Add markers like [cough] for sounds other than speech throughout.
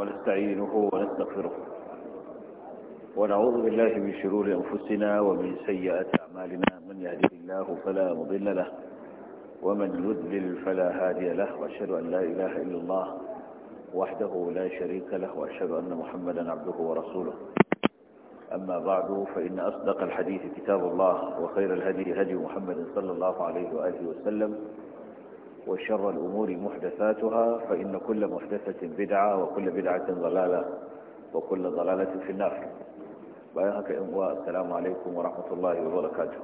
ونستعينه ونستغفره ونعوذ بالله من شرور أنفسنا ومن سيئات أعمالنا من يهده الله فلا مضل له ومن يذلل فلا هادي له وأشهد أن لا إله إلا الله وحده لا شريك له وأشهد أن محمدا عبده ورسوله أما بعد فإن أصدق الحديث كتاب الله وخير الهدي هدي محمد صلى الله عليه وآله وسلم وشر الأمور محدثاتها فإن كل محدثة بدعة وكل بدعة ضلالة وكل ضلالة في النار بأيهاك إمواء السلام عليكم ورحمة الله وبركاته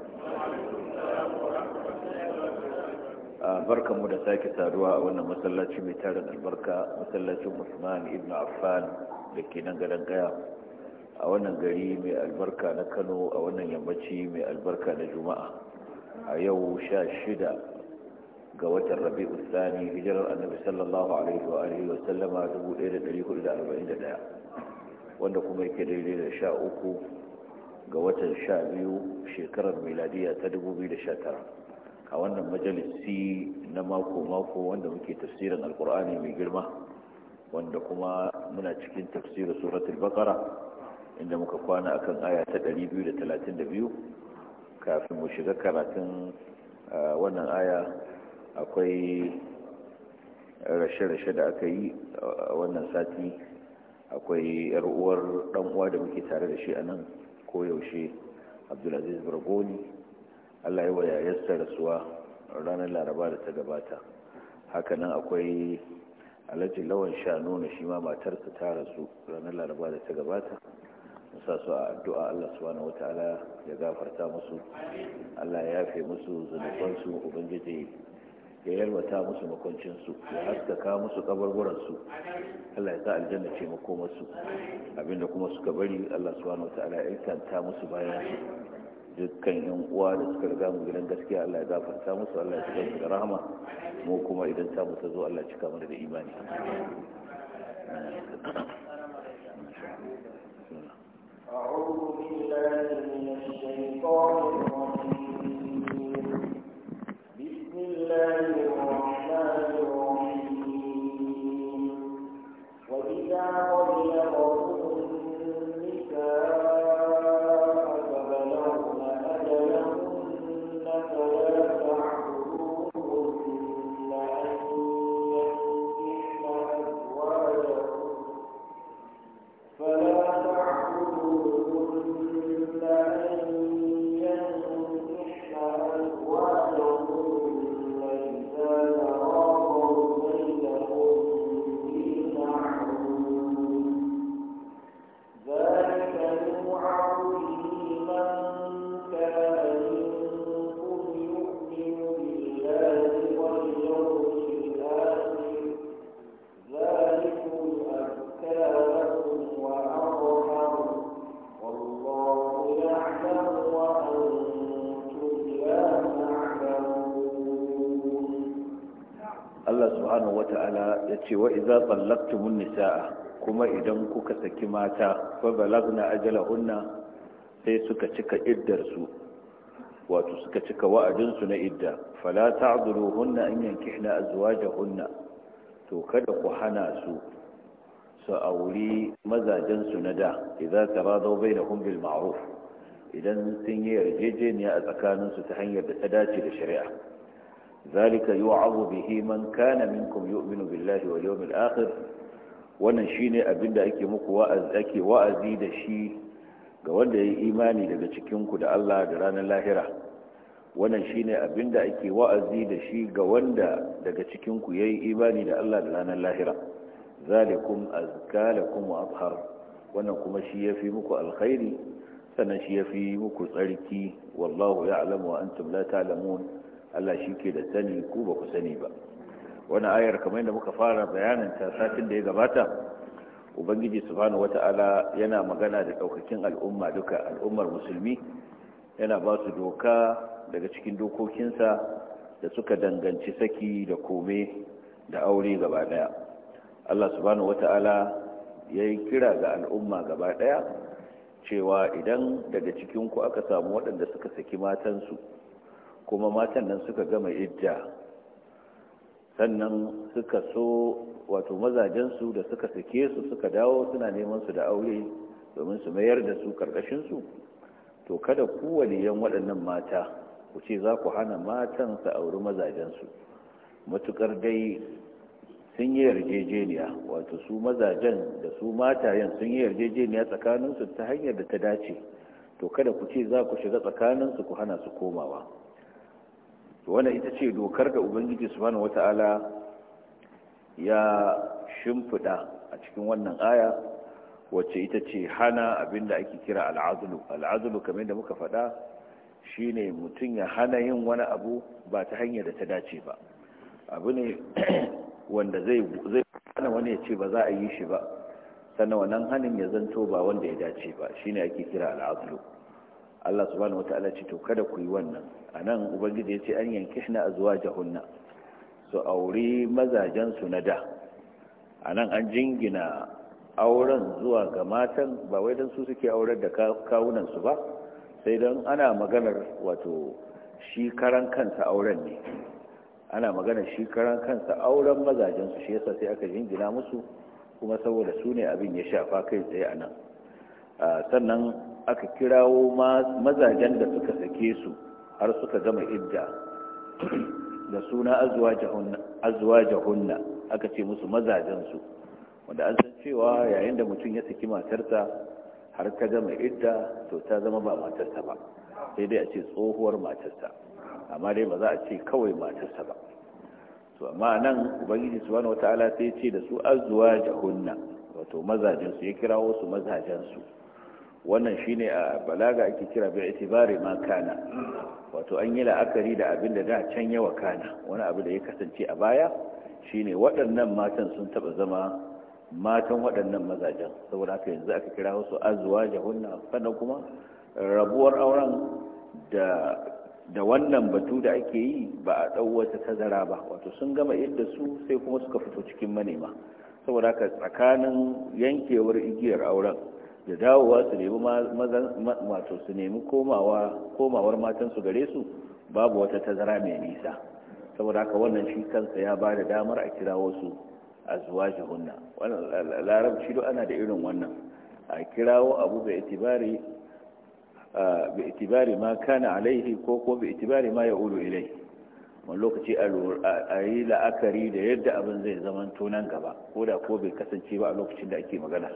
آه، بركة مدساك سادواء وأن مسلاتي متالا البركة مسلاتي مثمان ابن عفان لكي ننقل نقيا أولا قريم البركة نكنو أولا يمتي من البركة نجمع أيو آه، شاشدة ga watan rabi'u sani hijirar annabi sallallahu alaihi wa alihi wa sallama 1441 wanda kuma yake daidai da sha uku ga watan sha biyu shekarar miladiya ta 2019 a wannan majalisi na mako-mako wanda muke tafsirin alkur'ani mai girma wanda kuma muna cikin tafsirin suratul bakara inda muka kwana akan aya ta 232 kafin mu shiga karatun ah, wannan aya akwai rashe-rashe da aka yi a wannan sati akwai yar'uwar uwa da muke tare da shi a nan koyaushe abdulaziz bargoni allah yi wa yayarsa rasuwa ranar laraba da ta gabata hakanan akwai alaji lawan sha nuna shi ma matarsa ta rasu ranar laraba da ta gabata sa su a addu'a Allah subhanahu wataala ya gafarta musu Allah ya yafe musu zunubansu ubangiji ya yalwata musu makwancinsu ya haskaka musu kabarguransu Allah ya sa aljanna ce makomarsu abinda kuma suka bari Allah subhanahu wataala ya ikanta musu bayan su dukkan yan uwa da suka riga mu gidan gaskiya Allah ya gafarta musu Allah ya cika su da rahama mu kuma idan ta mu zo Allah ya cika mana da imani ce wa iza tsallaktumun nisa'a kuma idan kuka saki mata fa balagna ajalahunna sai suka cika iddarsu su wato suka cika wa'adin na idda fala ta'dhuluhunna an yankihna azwajahunna to kada ku hana su su auri mazajen su na da idza taradaw bainahum bil ma'ruf idan sun yi yarjejeniya a tsakaninsu ta hanyar da ta dace da shari'a ذلك يوعظ به من كان منكم يؤمن بالله واليوم الآخر wannan shine abin da ake muku ake wa'azi da shi ga wanda ya yi imani daga cikin ku da Allah da ranar lahira wannan shine abin da ake wa'azi da shi ga wanda daga cikinku ya yi imani da Allah da ranar lahira zalikum azkalakum wa athhar wannan kuma shi yafi muku alkhairi sannan shi yafi muku tsarki wallahu ya'lamu wa antum la ta'lamun Allah shi ke da sani ku ba ku sani ba wani ayar kamar yadda muka fara bayanin ta satin da ya gabata ubangiji subhanahu wata'ala yana magana da daukakin al'umma duka al'ummar musulmi yana ba su doka daga cikin dokokinsa da suka danganci saki da kome da aure gaba daya Allah subhanahu wata'ala ya yi kira ga al'umma gaba daya cewa idan daga cikinku aka samu waɗanda suka saki matansu kuma matan nan suka gama idda sannan suka so wato mazajensu da suka sake su suka dawo suna neman su da aure domin su mayar da su karkashinsu to kada ku waliyan waɗannan mata ku ce za ku hana matan su auri mazajensu matukar dai sun yi yarjejeniya wato su mazajen da su matayen sun yi yarjejeniya tsakaninsu ta hanyar da ta dace to kada ku ce za ku shiga tsakaninsu ku hana su komawa to wannan ita ce dokar da ubangiji subhanahu wata'ala ya shimfida a cikin wannan aya wacce ita ce hana abinda ake kira al'azlu al'azlu kamar da muka faɗa shine mutum ya hana yin wani abu ba ta hanyar da ta dace ba abu ne [clears throat] wanda zai zai hana wani ya ce ba za a yi shi ba sannan wannan hanin ya zanto ba wanda ya dace ba shine ake kira al'azlu Allah subhanahu wataala ce to kada ku yi wannan a nan ubangiji ya ce an zuwa jahunna su aure mazajensu su na da a nan an jingina auren zuwa ga matan ba wai don su suke auren da kawunansu ba sai don ana maganar wato shi karan kansa auren ne ana maganar shi karan kansa auren mazajensu shi yasa sai aka jingina musu kuma saboda su ne abin ya shafa kai tsaye a nan sannan aka kirawo mazajen da suka sake su har suka gama idda da suna jahunna aka ce musu mazajensu wanda an san cewa yayin da mutum ya saki matarsa har ta gama idda to ta zama ba matarsa ba sai dai a ce tsohuwar matarsa amma dai ba za a ce kawai matarsa ba to amma nan ubangiji subhanahu wataala sai ya ce da su azuwa jahunna wato mazajensu ya kirawo su mazajensu wannan shine a balaga ake kira bi itibari ma kana wato an yi la'akari da abin da da can yawa kana wani abu da ya kasance a baya shine waɗannan matan sun taɓa zama matan waɗannan mazajen saboda haka yanzu aka kira wasu azuwa jahunna sannan kuma rabuwar auren da wannan batu da ake yi ba a ɗau wata tazara ba wato sun gama yadda su sai kuma suka fito cikin manema saboda aka tsakanin yankewar igiyar auren da dawowa su nemi mato su nemi komawar matansu gare su babu wata tazara mai nisa saboda haka wannan shi kansa ya ba da damar a kira wasu a zuwa jihunna larabci do ana da irin wannan a kirawo abu bai itibari ma kana alaihi ko ko bai itibari ma ya ulu ilai wani lokaci a yi la'akari da yadda abin zai zama nan gaba ko da ko bai kasance ba a lokacin da ake magana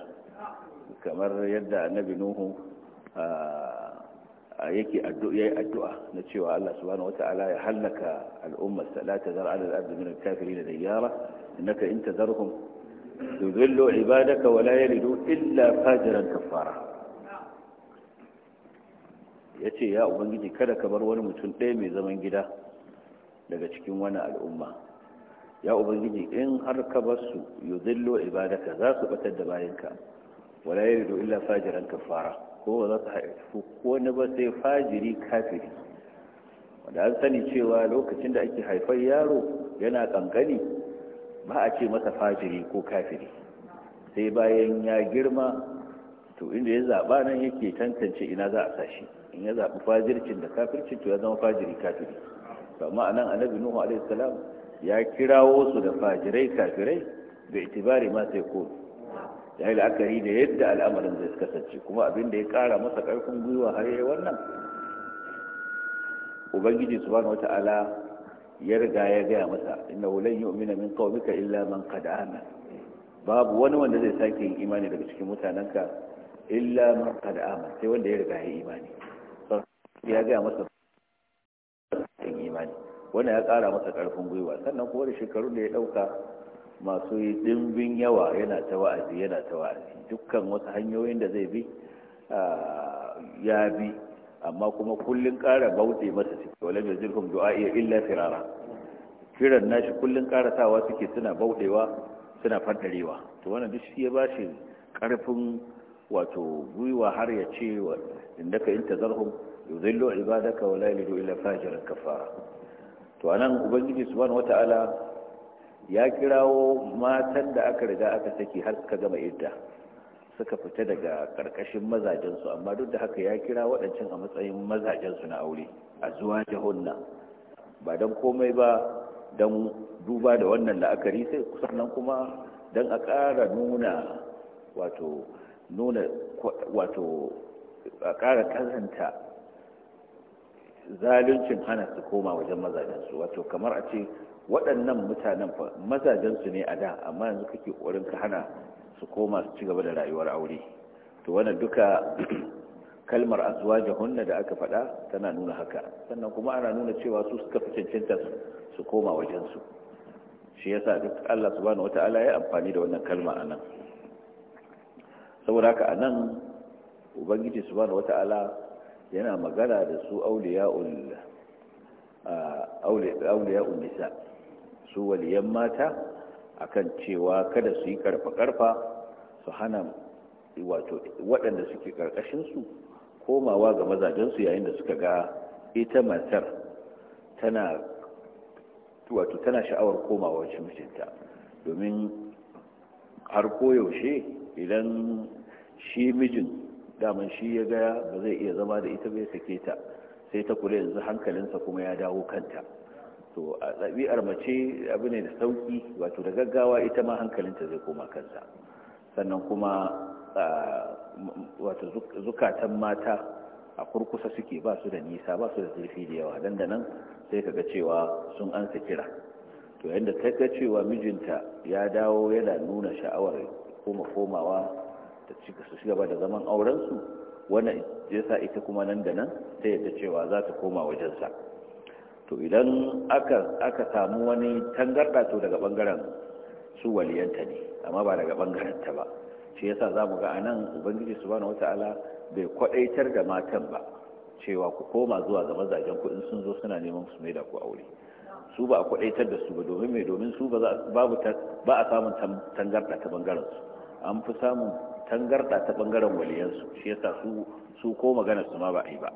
kamar yadda annabi nuhu yake addu'a na cewa Allah subhanahu wata'ala ya halaka al'ummar salata zar ala al-ardi min al-kafirin diyara innaka in tadharhum yudhillu ibadaka wa la yalidu illa fajiran kafara yace ya ubangiji kada ka bar wani mutum ɗaya mai zaman gida daga cikin wani al'umma ya ubangiji in har ka bar su yudhillu ibadaka za su batar da bayanka wala da illa fajiran kafara ko za ta haifu ko na ba sai fajiri kafiri wanda an sani cewa lokacin da ake haifar yaro yana kankani ba a ce masa fajiri ko kafiri sai bayan ya girma to inda ya zaɓa nan yake tantance ina za a sashi in ya zaɓi fajircin da kafircin to ya zama fajiri kafiri amma anan annabi nuhu alaihi salam ya kirawo su da fajirai kafirai da itibari ma sai ko ya yi la'akari da yadda al'amarin zai kasance kuma abin da ya kara masa karfin gwiwa har yi wannan ubangiji su subhanahu wata'ala ya riga ya gaya masa inna yi umina min qaumika illa man kada amana babu wani wanda zai sake yin imani daga cikin mutanenka illa man kada amana sai wanda ya riga ya yi imani ya gaya masa imani wannan ya kara masa karfin gwiwa sannan kuma da shekarun da ya dauka masu dimbin yawa yana ta wa'azi yana ta wa'azi dukkan wasu hanyoyin da zai bi ya bi amma kuma kullun ƙara bauti masa suke wale mai zirkun du'a iya illa firara kiran nashi kullun ƙara sawa suke suna bauɗewa suna fadarewa to wani duk shi ya ba shi ƙarfin wato gwiwa har ya ce wa inda ka in tazarhum yuzillu ibadaka wala yalidu illa fajiran kafara to anan ubangiji subhanahu wataala ya kirawo matan da aka riga aka saki har suka gama idda suka fita daga karkashin mazajensu amma duk da haka ya kira waɗancan a matsayin mazajensu na aure a zuwa jahunna ba don komai ba don duba da wannan la'akari sai sannan kuma don a ƙara nuna wato nuna wato a ƙara kazanta zaluncin hana su koma wajen mazajensu wato kamar a ce waɗannan mutanen fa mazajensu ne a da amma yanzu kake ƙoƙarin ka hana su koma su ci gaba da rayuwar aure to wannan duka [clears throat] kalmar azwajahunna da aka faɗa tana nuna haka sannan kuma ana nuna cewa su suka fi cancanta su koma wajensu shi yasa duk Allah subhanahu wata'ala ya amfani da wannan kalma a nan saboda haka a nan ubangiji subhanahu wata'ala yana magana da su ul nisa su waliyan mata a kan cewa kada su yi karfa-karfa su hana wato waɗanda suke ƙarƙashinsu komawa ga mazajensu yayin da suka ga ita matar tana wato tana sha'awar komawa wacce mijinta domin har koyaushe idan shi mijin daman shi ya gaya ba zai iya zama da ita bai sake ta sai ta kula yanzu hankalinsa kuma ya dawo kanta to a ɗabi'ar mace abu ne da sauki wato da gaggawa ita ma hankalinta zai koma kansa sannan kuma wato zukatan mata a kurkusa suke ba su da nisa ba su da zurfi da yawa don da nan sai kaga cewa sun ansa kira to yadda ta ga cewa mijinta ya dawo yana nuna sha'awar koma komawa da su shiga ba da zaman aurensu wannan ya sa ita kuma nan da nan sai yadda cewa za ta koma wajensa to idan aka samu wani tangarda to daga bangaren su waliyanta ne amma ba daga bangaren ta ba shi yasa mu ga a nan ubangiji subhanahu wataala bai kwadaitar da matan ba cewa ku koma zuwa ga mazajen ku in sun zo suna neman su mai da ku aure su ba a kwadaitar da su ba domin mai domin su ba a samun tangarda ta bangaren su an fi samun tangarda ta bangaren waliyansu shi yasa su su ko magana su ma ba a yi ba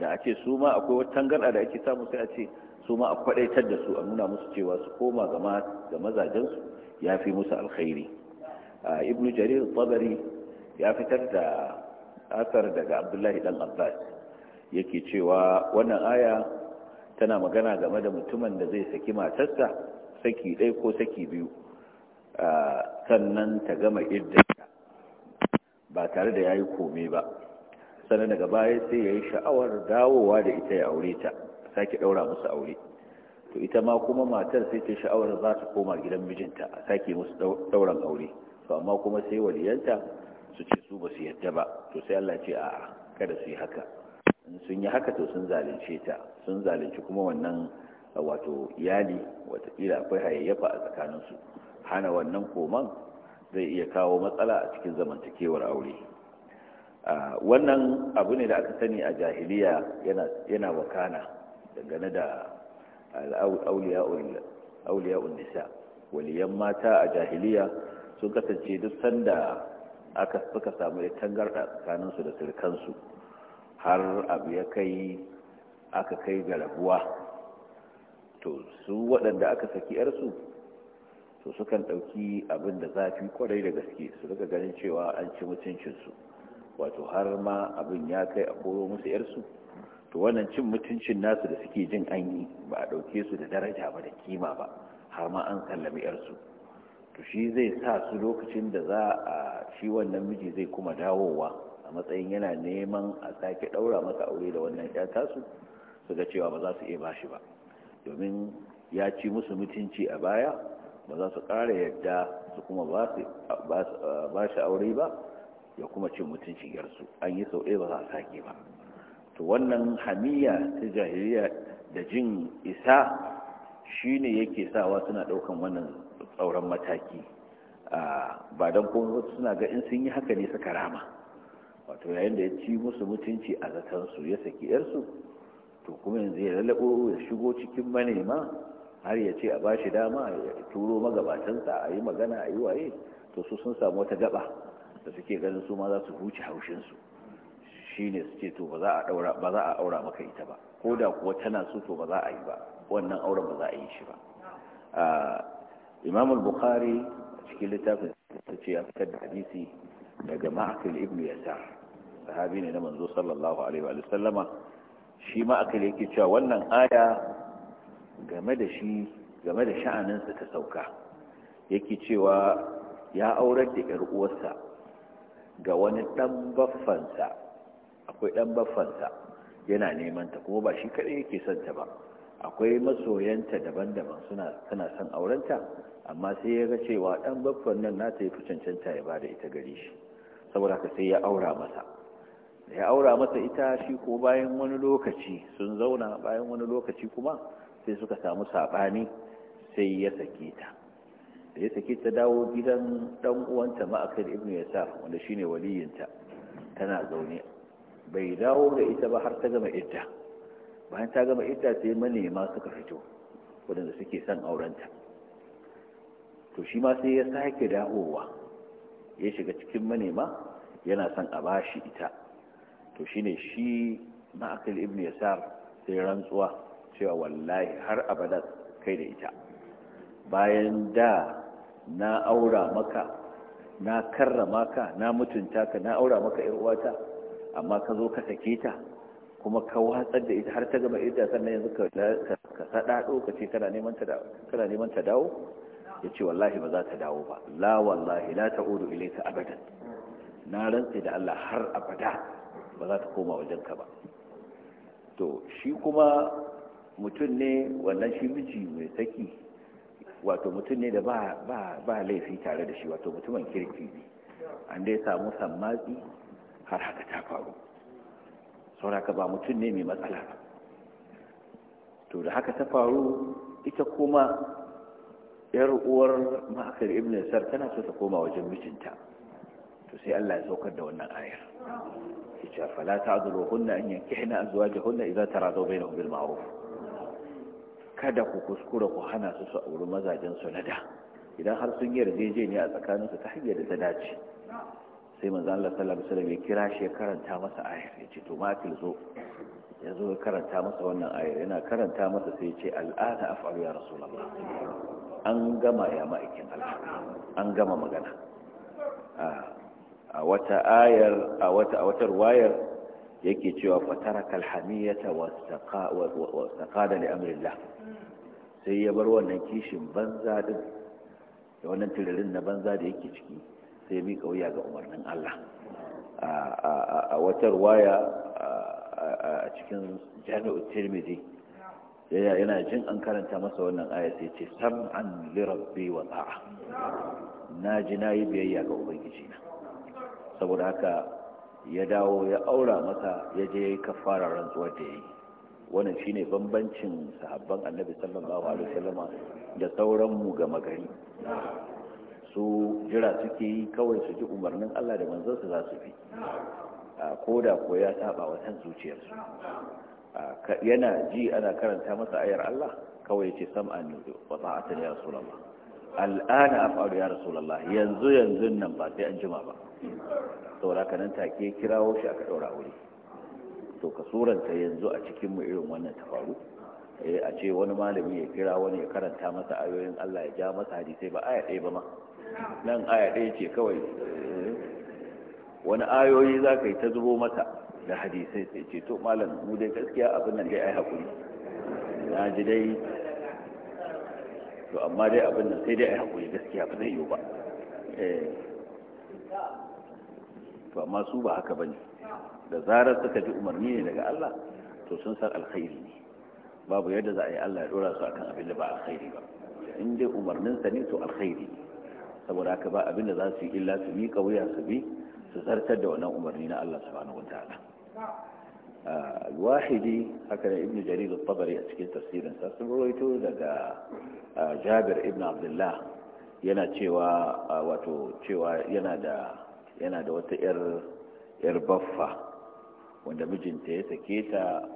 da a ce su ma akwai wata tangarɗa da ake samu sai a ce su ma a kwaɗaitar da su a nuna musu cewa su koma ga mazajensu ya fi musu alkhairi ibn jarir tsabari ya fitar da asar daga abdullahi Ɗan abbas yake cewa wannan aya tana magana game da mutumin da zai saki matarsa saki ɗaya ko saki biyu sannan ta gama idda ba tare da ya yi kome ba sannan daga baya sai ya yi sha'awar dawowa da ita ya aure ta sake ɗaura musu aure to ita ma kuma matar sai ta sha'awar za ta koma gidan mijinta a sake musu ɗauran aure to amma kuma sai waliyanta su ce su ba su yadda ba to sai Allah ce a'a kada su yi haka in sun yi haka to sun zalunce ta sun zalunci kuma wannan wato iyali watakila akwai hayayyafa a tsakanin su hana wannan koman zai iya kawo matsala a cikin zamantakewar aure wannan abu ne da aka sani a jahiliya yana wakana dangane da auliya'un nisa waliyan mata a jahiliya sun kasance duk sanda aka suka samu ya tangarda tsakaninsu da turkansu. har abu ya kai aka kai ga rabuwa to su waɗanda aka saki yarsu to sukan ɗauki abin da zafi kwarai da gaske su daga ganin cewa an ci mutuncinsu wato har ma abin ya kai a koyo musu yarsu to wannan cin mutuncin nasu da suke jin an yi ba a ɗauke su da daraja ba da kima ba har ma an sallami yarsu to shi zai sa su lokacin da za a shi wannan miji zai kuma dawowa a matsayin yana neman a sake ɗaura masa aure da wannan ya tasu su ga cewa ba za su iya bashi ba domin ya ci musu mutunci a baya ba za su ƙara yadda su kuma ba shi aure ba ya kuma ce mutunci yarsu an yi sau ɗaya ba za a sake ba to wannan hamiya ta jahiliya da jin isa shine yake sawa suna ɗaukan wannan tsauran mataki ba don kuma suna ga in sun yi haka ne suka rama wato yayin da ya ci musu mutunci a zatansu ya saki yarsu to kuma yanzu ya lalabo ya shigo cikin manema har ya ce a ba shi dama ya turo magabatansa a yi magana a yi waye to su sun samu wata gaba da suke ganin su ma za su huce haushinsu shi ne su ce to ba za a aura maka ita ba ko da kuwa tana so to ba za a yi ba wannan auren ba za a yi shi ba imamul bukhari a cikin littafin ta ce ya fitar da hadisi daga ma'akil ibn yasa sahabi ne na manzo sallallahu alaihi wa sallama shi ma'akil yake cewa wannan aya game da shi game da sha'aninsa ta sauka yake cewa ya aurar da 'yar uwarsa ga wani ɗan baffansa akwai ɗan baffansa yana neman ta kuma ba shi kaɗai yake son ta ba akwai masoyanta daban-daban suna son aurenta amma sai ya ga cewa ɗan baffan nan nata ya fi cancanta ya ba da ita gari shi saboda haka sai ya aura masa da ya aura masa ita shi ko bayan wani lokaci sun zauna bayan wani lokaci kuma sai suka samu saɓani sai ya sake ta da ya sake ta dawo gidan dan uwanta ma'akar ibn yasa wanda shine waliyinta tana zaune bai dawo da ita ba har ta gama idda bayan ta gama idda sai manema suka fito waɗanda suke son aurenta to shi ma sai ya sake dawowa ya shiga cikin manema yana son a ba shi ita to shine shi ma'akil ibn yasar sai rantsuwa cewa wallahi har abada kai da ita bayan da na aura maka na karrama ka na mutunta ka na aura maka ‘yar uwata amma ka zo ka sake ta kuma ka watsar da ita har ta gama idda sannan yanzu ka saɗaɗo ka ce kana neman ta dawo ya ce wallahi ba za ta dawo ba la wallahi la ta ile ilaita abadan na rantse da Allah har abada ba za ta koma wajen ka ba to shi kuma mutum ne wannan shi miji mai saki wato mutum ne da ba laifi tare da shi wato mutumin kirki ne an dai samu sammatsi har haka ta faru sauraka ba mutum ne mai matsala to da haka ta faru ita kuma yar uwar ma'akar ibn sar tana so ta koma wajen mijinta to sai Allah ya saukar da wannan ayar ita fala ta'dulu hunna an yankihna azwajahunna idza taradaw bainahum bil ma'ruf kada ku kuskura ku hana su su auri mazajen su na da idan har sun ne a tsakaninsu ta hanyar da ta dace sai manzo Allah sallallahu alaihi wasallam ya kira shi ya karanta masa ayar ya ce to ma zo ya zo ya karanta masa wannan ayar yana karanta masa sai ya ce al'ana af'al ya rasulullah an gama ya ma'aikin Allah an gama magana a wata ayar a wata a wata ruwayar yake cewa fatara kalhamiyata wa da li'amirillah sai ya bar wannan kishin banza din da wannan tiririn na banza da yake ciki sai ya miƙa wuya ga umarnin Allah a wata ruwaya a cikin jami'ar tirmidhi yana jin an karanta masa wannan aya sai ce sam'an li rabbi wa ta'a na ji na yi biyayya ga ubangiji na saboda haka ya dawo ya aura masa ya je kafara rantsuwar da ya yi wannan shine bambancin sahabban annabi sallallahu alaihi wasallama da sauran mu ga magari su jira suke yi kawai su ji umarnin Allah da manzansa za su bi a koda ko ya saba wa zuciyarsu yana ji ana karanta masa ayar Allah kawai ya ce sam'an wa ta'atan ya rasulullah al'ana af'alu ya rasulullah yanzu yanzu nan ba sai an jima ba saura ka nan take kirawo shi aka daura aure to ka suranta yanzu a cikin mu irin wannan ta faru eh, a ce wani malami ya kira wani ya karanta masa ayoyin Allah ya ja masa hadisai ba aya ɗaya ba ma nan aya ɗaya ce kawai eh, wani ayoyi za ka yi ta zubo masa da hadisai sai ce to malam mu dai gaskiya abin nan dai ai hakuri na ji dai to amma dai abin nan sai dai ai hakuri gaskiya ba zai yiwu ba eh ba masu su ba haka bane da zarar suka ji umarni ne daga Allah to sun san alkhairi ne babu yadda za a yi Allah ya dora su akan abin da ba alkhairi ba in dai umarnin sa ne to alkhairi saboda haka ba abin da za su yi illa su miƙa wuya su bi su zartar da wannan umarni na Allah subhanahu wataala الواحدي هكذا ابن جرير الطبري أسكين تفسيرا sun لدى daga Jabir Ibn Abdullah yana cewa wato cewa yana da. yana da wata yar baffa wanda mijinta ya sake ta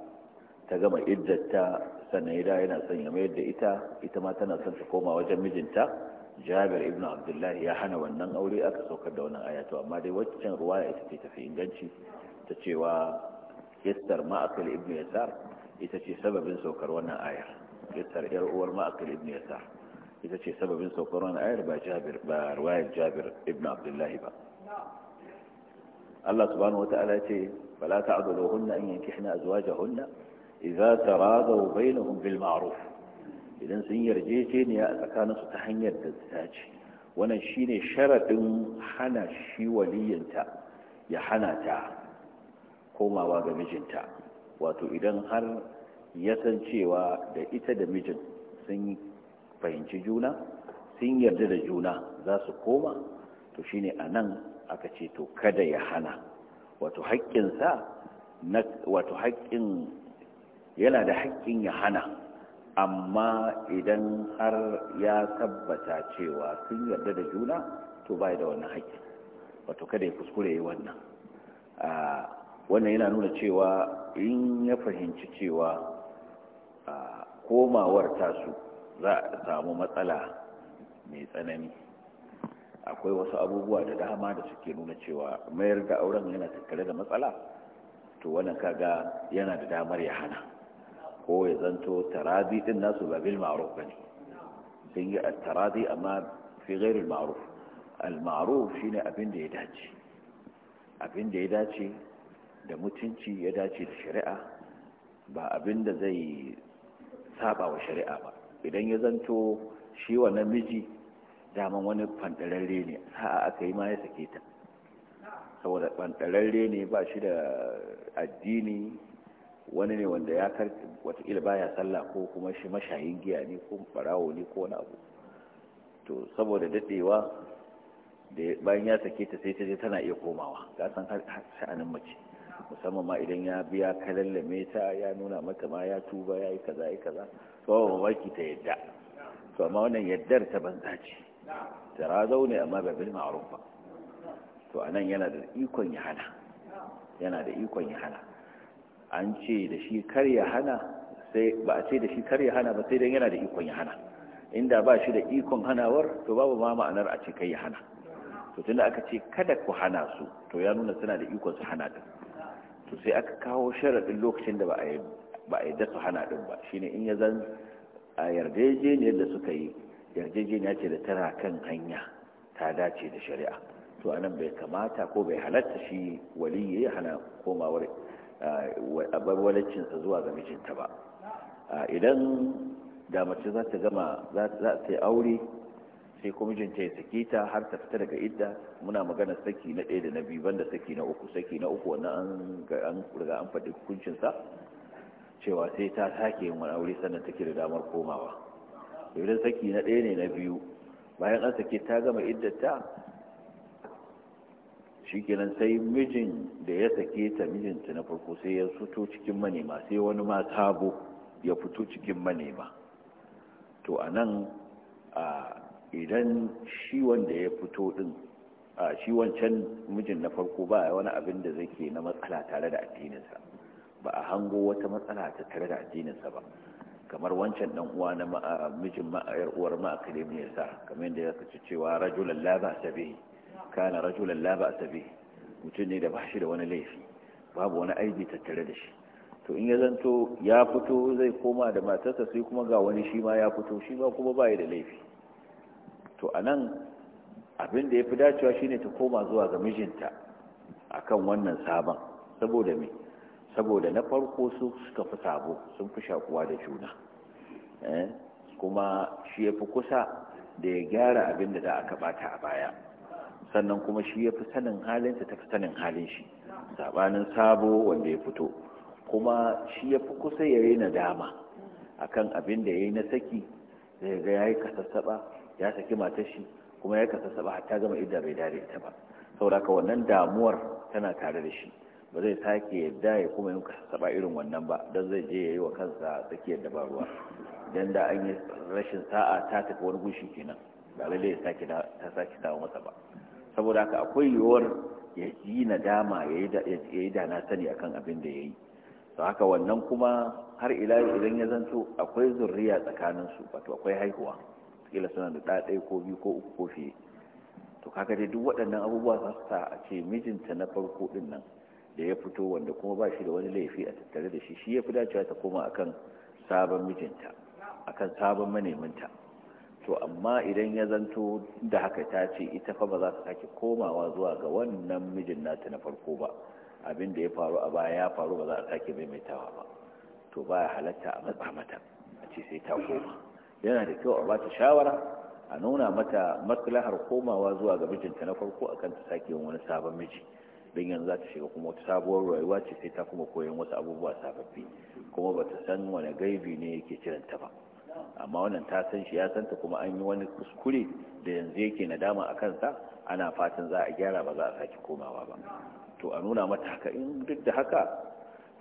ta gama iddarta sannan yana son ya mayar da ita ita ma tana son ta koma wajen mijinta jabir ibn abdullahi ya hana wannan aure aka saukar da wannan ayatu amma dai waccan ruwaya ita ce tafi inganci ta cewa yastar ma'akal ibn yasar ita ce sababin saukar wannan ayar yastar yar uwar ma'akal ibn yasar ita ce sababin saukar wannan ayar ba jabir ba ruwayar jabir ibn abdullahi ba Allah subhanahu wata'ala ce Bala ta fala ta'dhuluhunna an ta raza wa bai na bil ma'aruf idan sun yarjejeniya a tsakaninsu ta hanyar da ta ce, wannan shine sharaɗin hana shi waliyanta ya hana ta komawa ga mijinta wato idan har ya san cewa da ita da mijin sun fahimci juna sun yarda da juna za su koma to shine nan aka ce to kada ya hana wato haƙƙinsa wato haƙƙin yana da haƙƙin ya hana amma idan har ya tabbata cewa sun yarda da juna to ba da wannan haƙƙin wato kada ya kuskure yi wannan wannan yana nuna cewa in ya fahimci cewa komawar tasu za a samu matsala mai tsanani akwai wasu abubuwa da dama da suke nuna cewa mayar da auren yana tattare da matsala to wannan kaga yana da damar ya hana ko ya zanto tarazi din nasu ba bil ma'ruf bane sun yi tarazi amma fi ghairi al ma'ruf al ma'ruf shine abin da ya dace abin da ya dace da mutunci ya dace da shari'a ba abin da zai saba wa shari'a ba idan ya zanto shi wannan miji daman wani fantararre ne sa'a aka yi ma ya sake ta saboda fantararre ne ba shi da addini wani ne wanda ya karfi watakila ya sallah ko kuma shi mashayin giya ne ko barawo ne ko wani abu to saboda daɗewa bayan ya sake ta sai ta je tana iya komawa ga san sha'anin mace musamman ma idan ya biya kalallame ta ya nuna mata ma ya tuba ya yi kaza ya kaza to ba ta yadda to amma wannan yaddar ta banza ce Tara ne amma ba bil ma'ruf ba to anan yana da ikon ya hana yana da ikon ya hana an ce da shi kar ya hana sai ba a ce da shi kar ya hana ba sai dan yana da ikon ya hana inda ba shi da ikon hanawar to babu ma ma'anar a ce kai ya hana to tunda aka ce kada ku hana su to ya nuna suna da ikon su hana din to sai aka kawo sharadin lokacin da ba a ba a hana din ba shine in ya zan a yarda je ne yadda suka yi yarjejeniya ce da tana kan hanya ta dace da shari'a to anan bai kamata ko bai halatta shi wali ya hana komawar walaccinsa zuwa ga mijinta ba idan da mace za ta gama za ta yi aure sai kuma mijinta ya saki ta har ta fita daga idda muna magana saki na ɗaya da na biyu banda saki na uku saki na uku wannan an riga an faɗi hukuncinsa cewa sai ta sake yin wani aure sannan take da damar komawa idan saki na ɗaya ne na biyu bayan an sake ta gama iddata kenan sai mijin da ya sake ta mijinta na farko sai ya fito cikin manema sai wani ma sabo ya fito cikin manema to a nan idan shi wanda ya fito din a shi wancan mijin na farko ba wani abin da zai ke na matsala tare da addininsa ba a hango wata matsala ta tare da addininsa ba kamar wancan dan uwa na mijin ma'ayar uwar ma ne ya sa kamar yadda ya kace cewa rajulan la ba sabi kana rajulan la ba sabi mutum ne da ba shi da wani laifi babu wani aibi tattare da shi to in ya zanto ya fito zai koma da matarsa sai kuma ga wani shi ma ya fito shi ma kuma ba da laifi to anan abin da ya fi dacewa shine ta koma zuwa ga mijinta akan wannan sabon saboda me saboda na farko su suka fi sabo sun fi shakuwa da juna eh, kuma shi ya fi kusa da ya gyara abin da za a kabata a baya sannan kuma shi ya fi sanin halinsa ta fi sanin halin shi sabanin sabo wanda ya fito kuma shi ya fi kusa ya yi nadama kan abin da ya yi na saki zai ga ya yi kasassaba ya saki matar shi kuma ya kasassaba hatta ta gama idan bai dare ta ba saboda ka wannan damuwar tana tare da shi ba zai sake yadda ya kuma yin saba irin wannan ba don zai je ya yi wa kansa tsakiyar da ba ruwa don da an yi rashin sa'a ta tafi wani gushi kenan ba lalle ya sake ta sake dawo masa ba saboda haka akwai yiwuwar ya ji dama ya yi da na sani akan abin da ya yi to haka wannan kuma har ila idan ya zanto akwai zurriya tsakaninsu wato akwai haihuwa kila suna da ɗaɗai ko biyu ko uku ko fiye to kaga dai duk waɗannan abubuwa za su sa a ce mijinta na farko ɗin nan da ya fito wanda kuma ba shi da wani laifi a tattare da shi shi ya fi dacewa ta koma akan sabon mijinta akan sabon maneminta to amma idan ya zanto da haka ta ce ita fa ba za ta sake komawa zuwa ga wannan mijin nata na farko ba abin da ya faru a baya ya faru ba za a sake maimaitawa ba to ba ya halatta a matsa mata a ce sai ta koma yana da kyau a ba ta shawara a nuna mata maslahar komawa zuwa ga mijinta na farko akan ta sake yin wani sabon miji don yanzu za ta shiga kuma wata sabuwar rayuwa ce sai ta kuma koyon wasu abubuwa sababbi kuma ba ta san wani gaibi ne yake kiran ba amma wannan ta san shi ya ta kuma an yi wani kuskure da yanzu yake nadama a kansa ana fatan za a gyara ba za a sake komawa ba to a nuna mata haka in duk da haka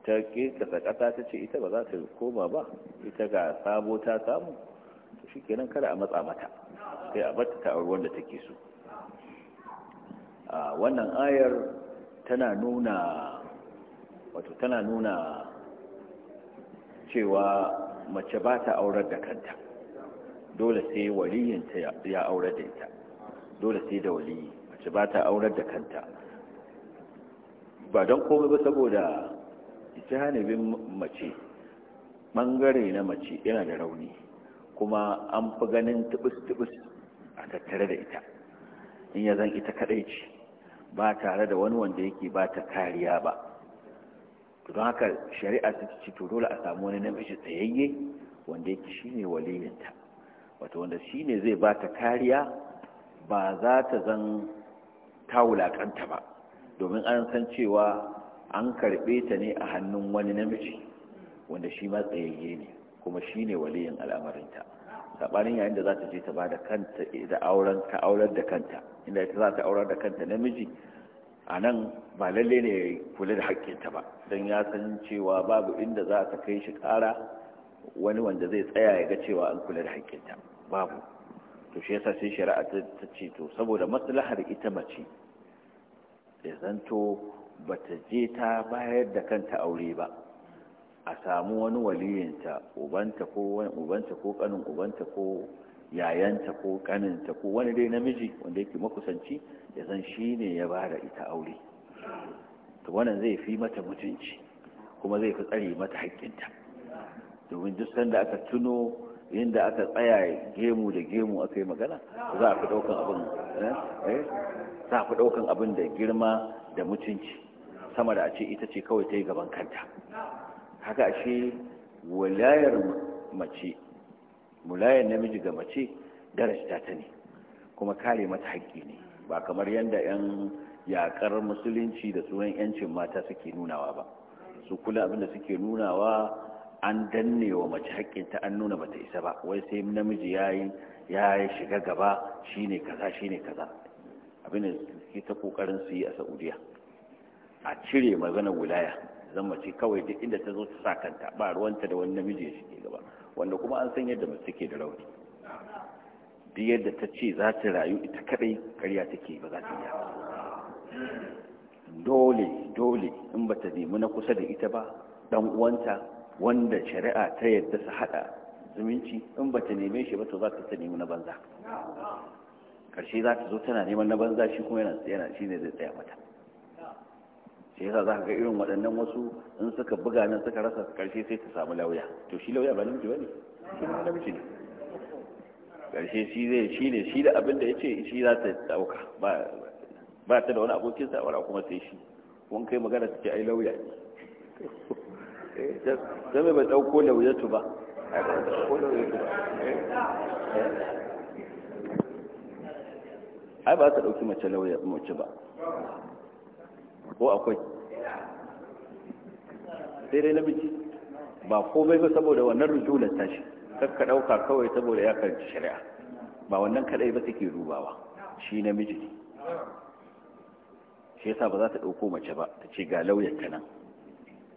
ta kasa kasa ta ce ita ba za ta koma ba ita ga sabo ta samu to shi kenan kada a matsa mata sai a bata ta auri wanda take so a wannan ayar tana nuna wato tana nuna cewa mace ba ta aurar da kanta dole sai waliyinta ya aurar da ita dole sai da waliyi mace ba ta aurar da kanta ba don komai ba saboda ita hanibin mace bangare na mace yana da rauni kuma an fi ganin tubus-tubus a tattare da ita in ya zan ita kaɗai ce ba tare da wani wanda yake ba ta kariya ba to don haka shari'a ta ce to dole a samu wani namiji tsayayye wanda yake shine waliyinta wato wanda shine zai ba ta kariya ba za ta zan ta wulakanta ba domin an san cewa an karɓe ta ne a hannun wani namiji wanda shi ma tsayayye ne kuma shine waliyin al'amarinta sabanin yayin da za ta je ta bada kanta da auren ta aurar da kanta inda ita za ta aurar da kanta namiji a nan ba lalle ne kula da haƙƙinta ba don ya san cewa babu inda za ta kai shi ƙara wani wanda zai tsaya ya ga cewa an kula da haƙƙinta babu to shi yasa sai shari'a ta ce to saboda maslahar ita mace ya zanto ta je ta bayar da kanta aure ba a samu wani waliyinta ubanta ko ubanta ko kanin ubanta ko yayanta ko kaninta ko wani dai namiji wanda yake makusanci ya san shi ne ya ba da ita aure to wannan zai fi mata mutunci kuma zai fi tsare mata haƙƙinta domin duk sanda aka tuno inda aka tsaya gemu da gemu aka yi magana za a fi ɗaukan abin eh, eh, za a fi ɗaukan abin da girma da mutunci sama da a ce ita ce kawai ta yi gaban kanta haka ashe wulayar mace wulayar namiji ga mace darasita ta ne kuma kare mata haƙƙi ne ba kamar yadda 'yan yaƙar musulunci da tsohon 'yancin mata suke nunawa ba su kula abinda suke nunawa an danne wa mace ta an nuna bata isa ba wai sai namiji ya yi shiga gaba ne kaza ne kaza abinda suke ta ƙoƙarin su yi a saudiya a cire maganar wilaya zan mace kawai duk inda ta zo ta sa kanta ba ruwanta da wani namiji ya ke gaba wanda kuma an san yadda mace ke da rauni duk yadda ta ce za ta rayu ita kadai karya take ba za ta iya dole dole in ba ta nemi na kusa da ita ba dan uwanta wanda shari'a ta yadda su hada zumunci in ba ta neme shi ba to za ta nemi na banza karshe za ta zo tana neman na banza shi kuma yana shi ne zai tsaya mata shi yasa zaka ga irin waɗannan wasu in suka buga nan suka rasa karshe sai ta samu lauya to shi lauya ba namiji bane shi ne namiji ne karshe shi zai shi ne shi da abin da yace shi za ta dauka ba ba ta da wani abokin sa wala kuma sai shi kun kai magana take ai lauya ne sai [laughs] eh, mai bai dauko lauyatu ba ai ba ta dauki eh. mace lauya mace ba ko akwai sai dai namiji ba komai ba saboda wannan rujular tashi kakka ɗauka kawai saboda ya karanci shari'a ba wannan kadai ba take rubawa shi namiji ne shi yasa ba za ta ɗauko mace ba ta ce ga lauyan ta nan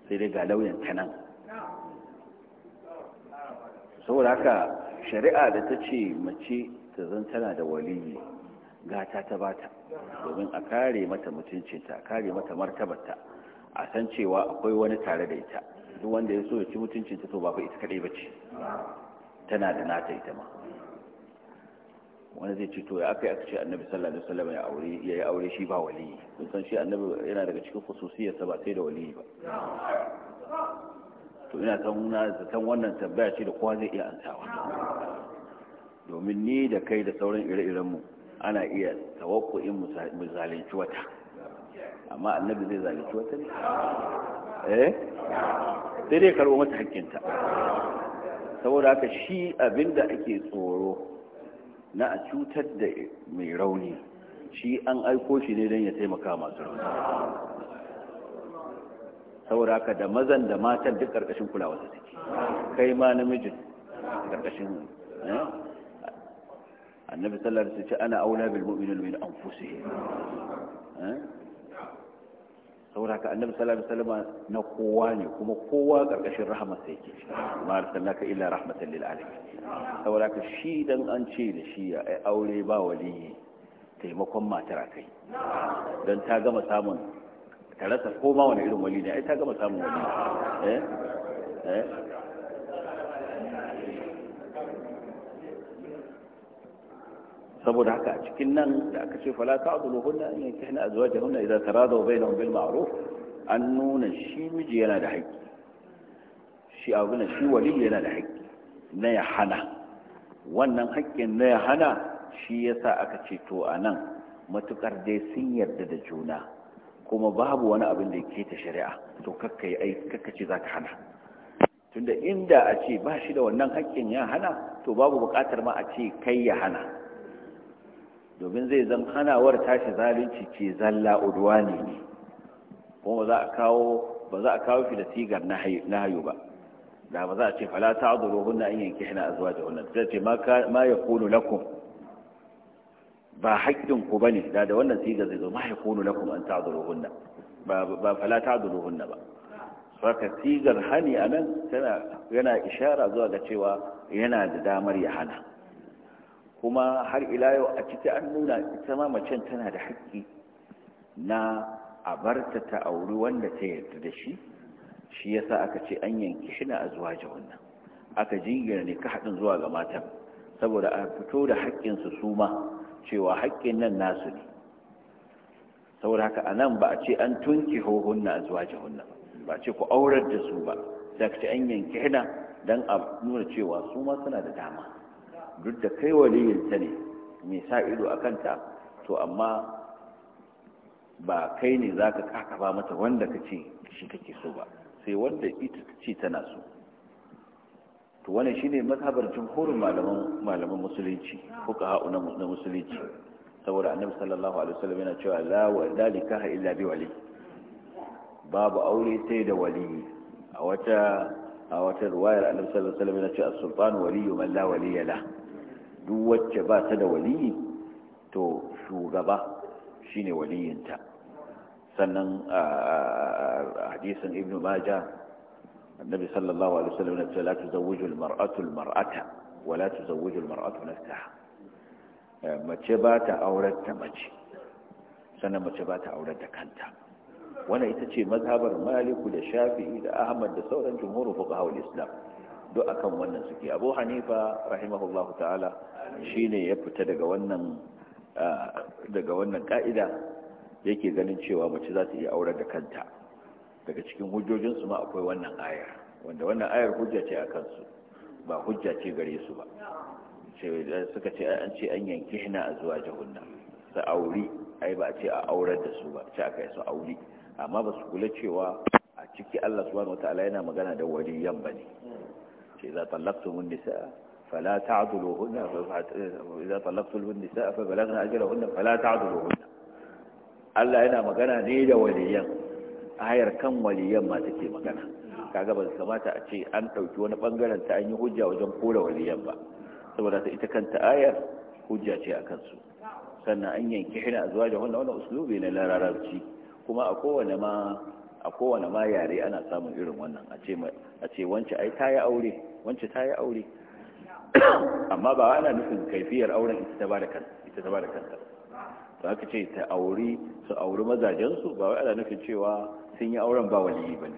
sai dai ga lauyan ta nan saboda haka shari'a da ta ce mace ta zan tana da waliyi gata ta bata domin a kare mata mutuncinta a kare mata martabarta a san cewa akwai wani tare da ita duk wanda ya so ya ci mutuncinta to babu ita kadai bace tana da nata ita ma wani zai ce to ya aka yi aka annabi sallallahu alaihi wasallam ya aure ya yi aure shi ba wali kun san shi annabi yana daga cikin sa ba sai da waliyi ba to ina san na zaton wannan tambaya ce da kowa zai iya ansawa domin ni da kai da sauran ire-irenmu mu ana iya tawakkuin mu muzalinci wata amma annabi zai zalinci wata ne eh sai dai karbo mata hakkinta saboda haka shi abinda ake tsoro na a cutar da mai rauni shi an aiko shi ne don ya taimaka masu rauni saboda haka da mazan da matan duk karkashin kulawa su take kai ma namijin karkashin eh? annabi sallallahu alaihi wasallam ana aula bil mu'minina min anfusihim eh? sauraka ka annabi sallallahu alaihi na kowa ne kuma kowa karkashin rahmar sa yake ma arsalnaka illa rahmatan lil alamin saboda shi dan an ce da shi ai aure ba waliyi taimakon matar akai dan ta gama samun ta rasa koma wani irin wali ne ai ta gama samun wali eh eh saboda haka a cikin nan da aka ce fala ta'dulu hunna in yankihna azwajahunna idza taradaw bainahum bil ma'ruf an nuna shi miji yana da haƙƙi shi na shi wali yana da haƙƙi na ya hana wannan haƙƙin na ya hana shi yasa aka ce to nan matukar dai sun yarda da juna kuma babu wani abin da ya keta shari'a to kakka yi kakka ce zaka hana tunda inda a ce ba shi da wannan haƙƙin ya hana to babu buƙatar ma a ce kai ya hana domin zai zama hanawar tashi zalunci ce zalla udwani ne kuma za a kawo ba za a kawo shi da sigar na hayo ba da ba za a ce fala ta azuru hunna an yanki hina azuwa da wannan ta ce ma ya kunu lakum ba haƙƙin ku ba ne da da wannan sigar zai zo ma ya kunu lakum an ta azuru hunna ba fala ta azuru hunna ba saka sigar hani a nan yana ishara zuwa ga cewa yana da damar ya hana kuma har ila yau a ciki an nuna ita ma macen tana da haƙƙi na a barta ta auri wanda ta yarda da shi shi yasa aka ce an yanki shi na a zuwa wannan aka jingina ne ka haɗin zuwa ga matan saboda a fito da haƙƙinsu su ma cewa haƙƙin nan nasu ne saboda haka a nan ba a ce an tunki na a zuwa wannan ba a ce ku aurar da su ba Sai ka ce an yanki hina don a nuna cewa su ma suna da dama duk da kai waliyinta ne mai sa ido a kanta to amma ba kai ne za ka kakaba mata wanda ka ce shi kake so ba sai wanda ita ce tana so to wane shine ne jumhurin horin malaman musulunci hau na musulunci saboda annabi sallallahu alaihi wasallam yana cewa la wa dalika illa bi wali babu aure sai da wali a wata a wata riwayar annabi sallallahu alaihi wasallam yana cewa as-sultan waliyyu man la waliya lahu duk wacce ba ta da waliyi to shugaba shine waliyinta sannan a hadisin ibn maja annabi sallallahu alaihi wasallam ya ce la tuzawwiju al-mar'atu al-mar'ata wa la tuzawwiju al-mar'atu nafsaha eh, mace ba ta aurar ta mace sannan mace ba ta aurar kanta wannan ita ce mazhabar maliku da shafi'i da ahmad da sauran jumhurin fuqaha wal islam duk akan wannan suke abu hanifa rahimahullahu ta'ala shi ne ya fita daga wannan ka'ida yake ganin cewa mace za ta iya aurar da kanta daga cikin hujjojinsu ma akwai wannan ayar wanda wannan ayar hujja ce a kansu ba hujja ce gare su ba suka ce an ce an yanki hina a zuwa jahunna su auri ai ba a ce a aurar da su ba ce aka yi su auri amma ba su kula cewa a ciki Allah subhanahu wataala yana magana da waliyan ne ce za tallaqtumun nisa فلا تعدلوهن إذا طلقتم النساء فبلغنا أجلهن فلا تعدلوهن Allah yana magana ne da waliyan hayar kan waliyan ma take magana kaga ba kamata a ce an ɗauki wani bangaren ta an yi hujja wajen kora waliyan ba saboda ta ita kanta ayar hujja ce a kansu sannan an yanki hina a zuwa da wannan wannan na lararci kuma a kowane ma yare ana samun irin wannan a ce wance ta yi aure amma ba ana nufin kaifiyar auren ita ta ba da kanta ba ka ce ta auri su auri mazajensu ba wai ana nufin cewa sun yi auren ba wani ba ne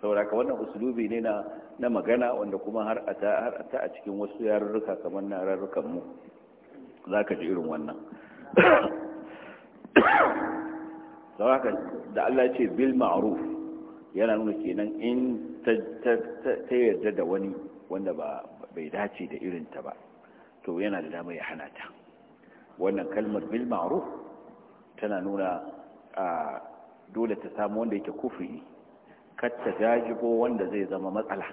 sauraka wannan usulubi ne na magana wanda kuma har a ta a cikin wasu yarurruka kamar na yarurrukan mu za ka ji irin wannan sauraka da Allah ce bil ma'ruf yana nuna kenan in ta yarda da wani wanda ba bai dace da irin ta ba to yana da damar ya hana ta wannan kalmar bil ma'ruf tana nuna a dole ta samu wanda yake kufri kar ta jajibo wanda zai zama matsala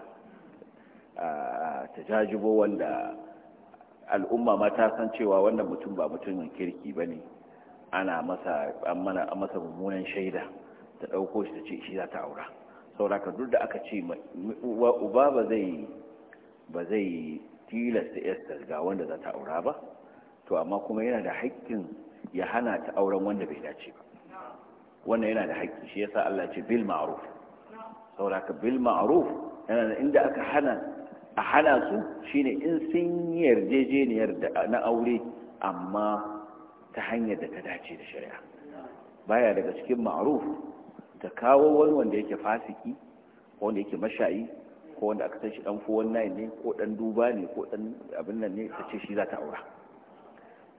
ta jajibo wanda al'umma ma ta san cewa wannan mutum ba mutumin kirki ba ne ana masa mummunan shaida ta ɗauko shi ta ce shi za ta aura sauraka duk da aka ce uba ba zai ba zai tilasta yarsa ga wanda za ta aura ba to amma kuma yana da haƙƙin ya hana ta auren wanda bai dace ba wannan yana da haƙƙi shi yasa Allah ce bil ma'ruf sauraka bil ma'ruf yana inda aka hana a hana su shine in sun yi yarjejeniyar da na aure amma ta hanyar da ta dace da shari'a baya daga cikin ma'ruf da kawo wani wanda yake fasiki wanda yake mashayi ko wanda aka san shi dan 419 ne ko dan duba ne ko dan abin nan ne ta ce shi za ta aura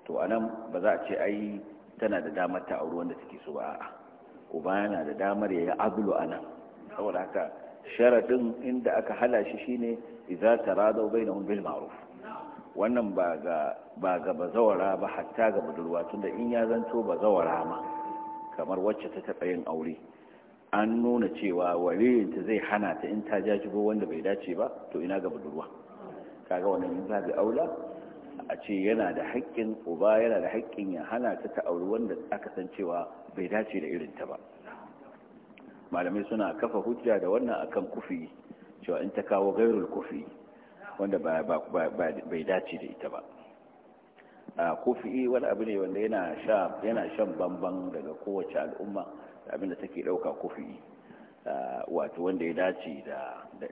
to anan ba za a ce ai tana da damar ta aure wanda take so ba a'a uba yana da damar ya yi anan saboda haka sharadin inda aka hala shi shine idza taradaw bainahum bil ma'ruf wannan ba ga ba ga bazawara ba hatta ga budurwa tunda in ya zanto bazawara ma kamar wacce ta taɓa yin aure an nuna cewa waliyinta zai hana ta in ta jajibo wanda bai dace ba to ina ga budurwa kaga wannan in zabi aula a ce yana da haƙƙin uba yana da haƙƙin ya hana ta ta auri wanda aka san cewa bai dace da irin ta ba malamai suna kafa hujja da wannan akan kufi cewa in ta kawo gairul kufi wanda bai dace da ita ba a kufi wani abu ne wanda yana shan bambam daga kowace al'umma abinda take dauka kofi wato wanda ya dace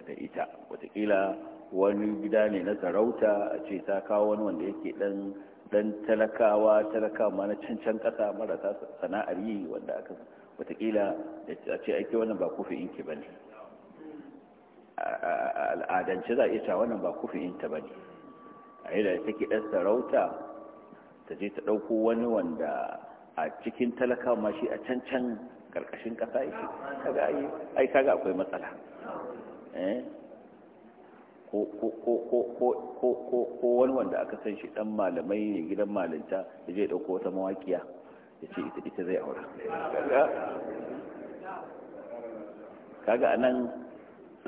da ita watakila wani gida ne na sarauta a ce ta kawo wani wanda yake dan dan talakawa talaka ma na cancan kasa marasa sana'ar yi wanda aka watakila da ce ake wannan ba in ki bane al'adance za a ita wannan ba kofi in ta bane a yi da take dan sarauta ta je ta dauko wani wanda a cikin talakawa ma shi a cancan karkashin ƙasa yake kaga ai kaga akwai matsala eh? ko wani wanda aka san shi dan malamai ne gidan malanta da zai dauko wata mawakiya ya ce ita zai aura kaga anan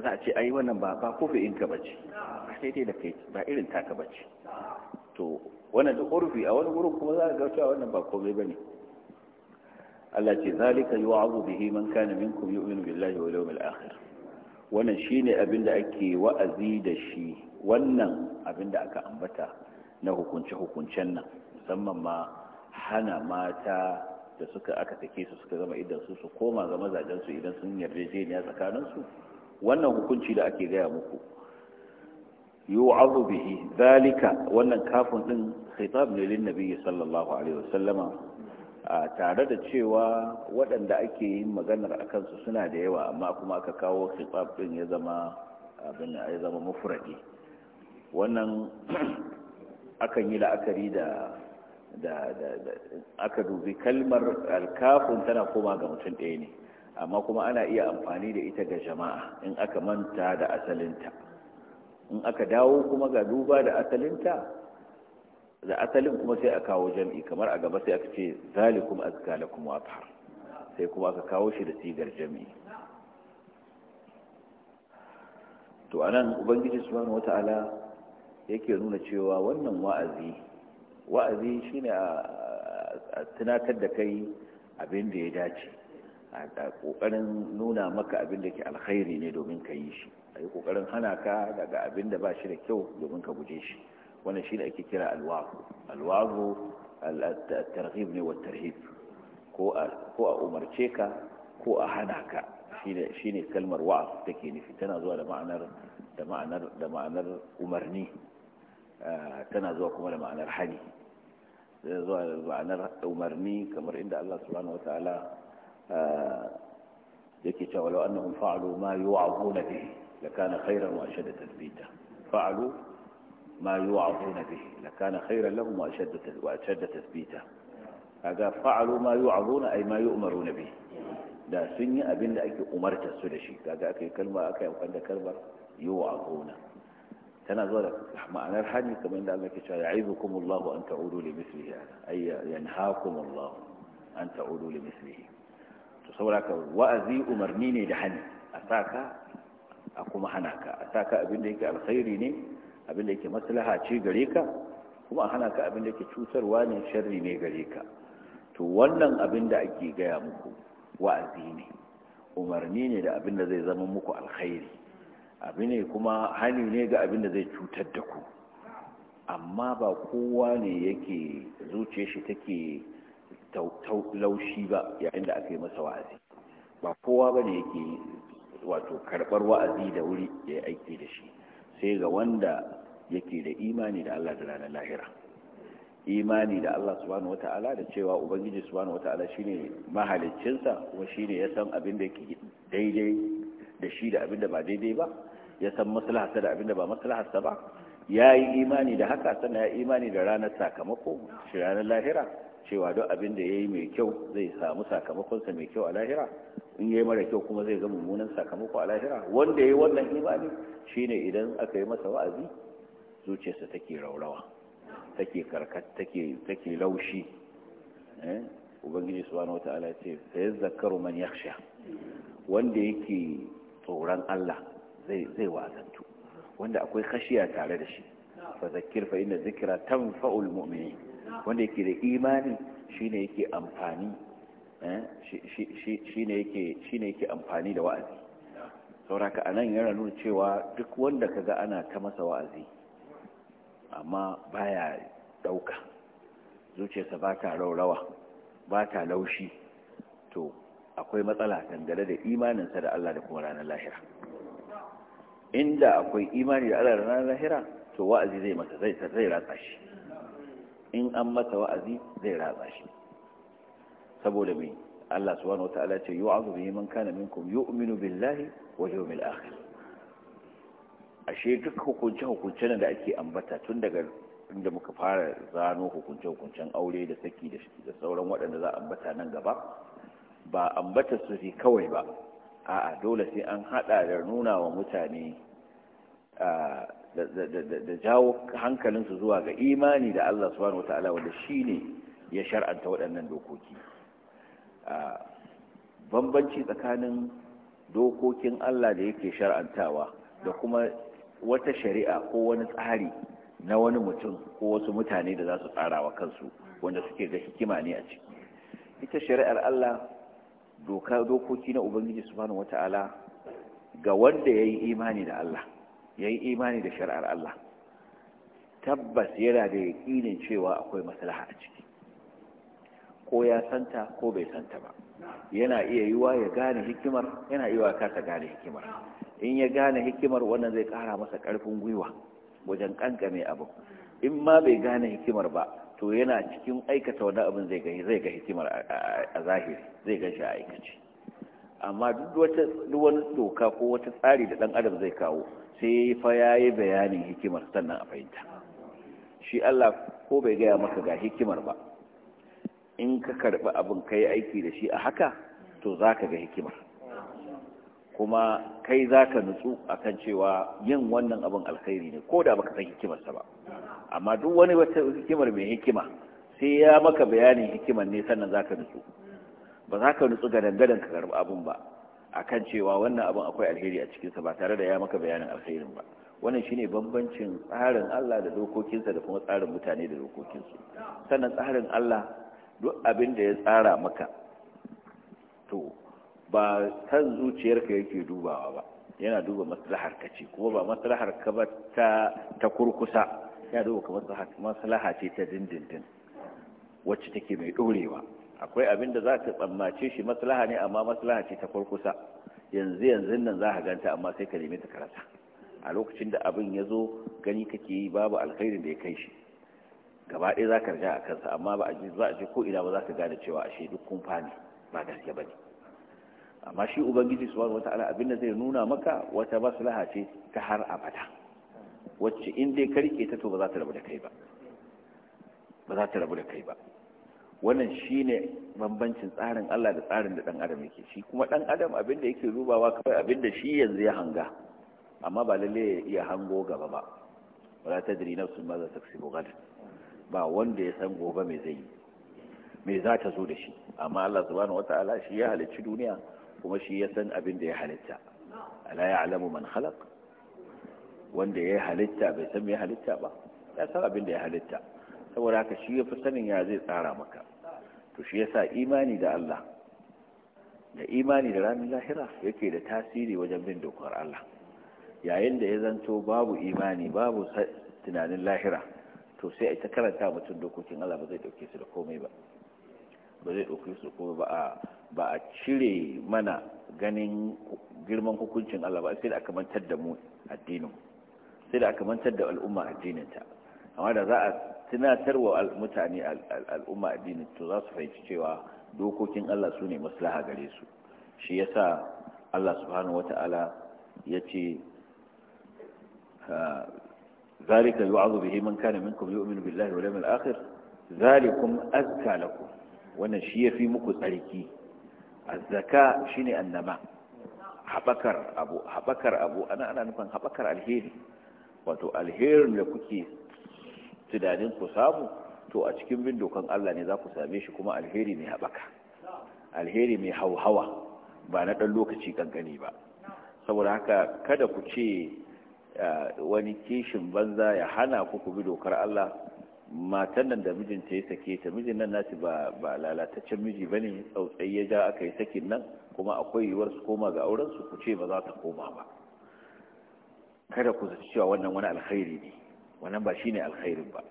za a ce ai wannan ba ba kofi in ka bace sai dai da kai ba irin taka bace to wannan da urfi a wani gurin kuma za ka ga cewa wannan ba komai bane Allah ce zalika yu'azu bihi man kana minkum yu'minu billahi wal yawmil akhir wannan shine abin da ake wa'azi da shi wannan abin da aka ambata na hukunce hukuncen nan musamman ma hana mata da suka aka take su suka zama idan su su koma ga mazajen su idan sun yarjejeniya tsakanin su wannan hukunci da ake gaya muku yu'azu bihi zalika wannan kafin din khitab ne lin nabi sallallahu alaihi wasallama a tare da cewa waɗanda ake yin maganar a kansu suna da yawa amma kuma aka kawo khifaf ɗin ya zama abin ya zama mafuraɗi wannan [clears throat] akan yi la'akari da da aka dubi kalmar alkafin tana koma ga mutum ɗaya ne amma kuma ana iya amfani da ita ga jama'a in aka manta da asalinta in aka dawo kuma ga duba da asalinta da asalin kuma sai a kawo jam'i kamar a gaba sai aka ce zalikum azka lakum wa sai kuma aka kawo shi da sigar jam'i to anan ubangiji subhanahu wataala yake nuna cewa wannan wa'azi wa'azi shine a tunatar da kai abin da ya dace a kokarin nuna maka abin da ke alkhairi ne domin ka yi shi a yi kokarin hana ka daga abin da ba shi da kyau domin ka guje shi wannan shi ne ake kira alwazu alwazu ne wa ko a umarce ka ko a hana ka shi ne kalmar ta ke nufi tana zuwa da ma'anar umarni eh, tana zuwa kuma da ma'anar hani zai zuwa da ma'anar umarni kamar inda Allah subhanahu Ta'ala eh, yake cewa law annahum fa'alu ma yu'azuna bihi lakana khayran wa ashadda tathbita fa'alu ما يوعظون به لكان خيرا لهم وأشد وأشد تثبيتا هذا فعلوا ما يوعظون أي ما يؤمرون به لا سنية أبن لأيك أمرت السلشي هذا أكي كلمة أكي أو كندا كلمة يوعظون تنظر ما أنا الحاني كمان لأما كشار يعيذكم الله أن تعودوا لمثله أي ينهاكم الله أن تعودوا لمثله تصور تصورك وأذي امرني لحني أتاك أقوم حناك أتاك أبن لك الخيرين abin da yake maslaha ce gare ka kuma a hana ka abin da yake cutarwa ne sharri ne gare ka to wannan abin da ake gaya muku wa'azi ne umarni ne da abin da zai zama muku alkhairi abin ne kuma hani ne ga abin da zai cutar da ku amma ba kowa ne yake zuce shi take laushi ba yayin da aka yi masa wa'azi ba kowa ba ne yake wato karɓar wa'azi da wuri ya aiki da shi sai ga wanda yake da imani da Allah da ranar lahira imani da Allah subhanahu wata'ala da cewa ubangiji subhanahu wata'ala shine mahaliccinsa kuma shine ya san abin da yake daidai da shi da abin da ba daidai ba ya san maslaharsa da abin da ba sa ba yayi imani da haka sannan ya imani da ranar sakamako shi ranar lahira cewa duk abin da ya yi mai kyau zai samu sakamakonsa mai kyau a lahira in ya yi mara kyau kuma zai ga mummunan sakamako a lahira wanda ya yi wannan imani shine idan aka yi masa wa'azi zuciyarsa take raurawa take karkat take take laushi eh ubangiji subhanahu wataala ya ce fa yazakkaru man yakhsha wanda yake tsoron Allah zai zai wazantu wanda akwai khashiya tare da shi fa zakkir fa inna dhikra tanfa'ul mu'minin wanda yake da imani shine yake amfani eh, shine yake amfani da wa'azi sauraka a nan yana nuna cewa duk wanda kaga ana ta masa wa'azi amma baya dauka zuciyarsa ba ta raurawa ba ta laushi to akwai matsala dangane da imaninsa da Allah da kuma ranar lahira inda akwai imani da Allah da ranar lahira to wa'azi zai masa zai ratsa shi in an mata wa'azi zai ratsa shi saboda me Allah subhanahu wataala ce wa’azu bihi man kana minkum yu'minu billahi wa yawmil a ashe duk hukunce hukuncen da ake ambata tun daga inda muka fara zano hukunce hukuncen aure da saki da sauran waɗanda za a ambata nan gaba ba ambata su fi kawai ba a'a dole sai an haɗa da nuna wa mutane ah, da jawo hankalinsu zuwa ga imani da Allah subhanahu wata'ala wanda shi ne ya shar'anta waɗannan dokoki bambanci tsakanin dokokin Allah da yake shar'antawa da kuma wata shari'a ko wani tsari na wani mutum ko wasu mutane da za su tsara wa kansu wanda suke ga hikima ne a ciki ita shari'ar Allah doka dokoki na Ubangiji subhanahu wata'ala ga wanda ya yi imani da Allah ya yi imani da shari'ar Allah tabbas yana da yaƙinin cewa akwai maslaha a ciki ko ya santa ko bai santa ba yana iya yi wa ya gane hikimar yana iya kasa gane hikimar in ya gane hikimar wannan zai kara masa ƙarfin gwiwa wajen kankame abu in ma bai gane hikimar ba to yana cikin aikata wani abin zai ga hikimar a zahiri zai gan shi a aikace amma duk wani doka ko wata tsari da ɗan adam zai kawo sai fa ya yi bayanin hikimar sannan a fahimta shi Allah ko bai gaya maka ga hikimar ba in ka karɓi abin ka yi aiki da shi a haka to za ka ga hikimar kuma kai za ka nutsu a kan cewa yin wannan abin alkhairi ne ko da baka san hikimarsa ba amma duk wani wata hikimar mai hikima sai ya maka bayanin hikimar ne sannan za ka nutsu ba za ka nutsu ga dangadan ka karɓi abin ba akan cewa wannan abin akwai alheri a cikinsa ba tare da ya maka bayanin alherin ba wannan shine bambancin tsarin Allah da dokokinsa da kuma tsarin mutane da dokokinsu sannan tsarin Allah duk abin da ya tsara maka to ba kan zuciyarka yake dubawa ba yana duba maslahar ka ce kuma ba maslahar ka ba ta ta kurkusa yana duba ka maslaha ce ta dindindin wacce take mai dorewa akwai abin da za ka tsammace shi maslaha ne amma maslaha ce ta kurkusa yanzu yanzu nan za ka ganta amma sai ka nemi ta karata a lokacin da abin ya zo gani kake yi babu alkhairin da ya kai shi gaba ɗaya za ka riga a kansa amma ba a ji ko ina ba za ka gane cewa ashe duk kun fani ba gaske ba ne amma shi ubangiji su wata ala abin da zai nuna maka wata maslaha ce ta har abada wacce in dai ka ta to ba ba za ta rabu da kai ba wannan shine bambancin tsarin Allah da tsarin da dan adam yake shi kuma dan adam abin da yake rubawa kawai abin da shi yanzu ya hanga amma ba lalle ya iya hango gaba ba wala tadri nafsu ma za ta kasu ba wanda ya san gobe me zai yi me za ta zo da shi amma Allah subhanahu wataala shi ya halicci duniya kuma shi ya san abin da ya halitta ala ya'lamu man khalaq wanda ya halitta bai san me halitta ba ya san abin da ya halitta saboda haka shi ya fi sanin ya zai tsara maka to shi yasa imani da Allah da imani da ranar lahira yake da tasiri wajen bin dokar Allah yayin da ya zanto babu imani babu tunanin lahira to sai a ta karanta mutum dokokin Allah ba zai dauke su da komai ba ba zai dauke su komai ba a ba a cire mana ganin girman hukuncin Allah ba sai da aka mantar da mu addinin sai da aka mantar da al'umma addinin ta amma da za a tunatarwa mutane al'umma addini to za su fahimci cewa dokokin Allah su ne maslaha gare su shi ya sa Allah subhanahu wa Ta'ala ya ce zalika yu'azu bihi man kana minkum yu'minu billahi wal yawmil akhir zalikum azka lakum wannan shi ya fi muku tsarki azzaka ne annama habakar abu habakar abu ana ana nufin habakar alheri wato alherin da kuke tunanin ku samu to a cikin bin dokan Allah ne za ku same shi kuma alheri mai haɓaka alheri mai hauhawa ba na ɗan lokaci kankani ba saboda haka kada ku ce wani kishin banza ya hana ku ku bi dokar Allah matan nan da mijinta ya sake ta mijin nan nasi ba ba lalataccen miji bane tsautsai ya ja aka yi sakin nan kuma akwai yiwuwar su koma ga auren su ku ce ba za ta koma ba kada ku zaci cewa wannan wani alkhairi ne wannan ba shine alkhairin ba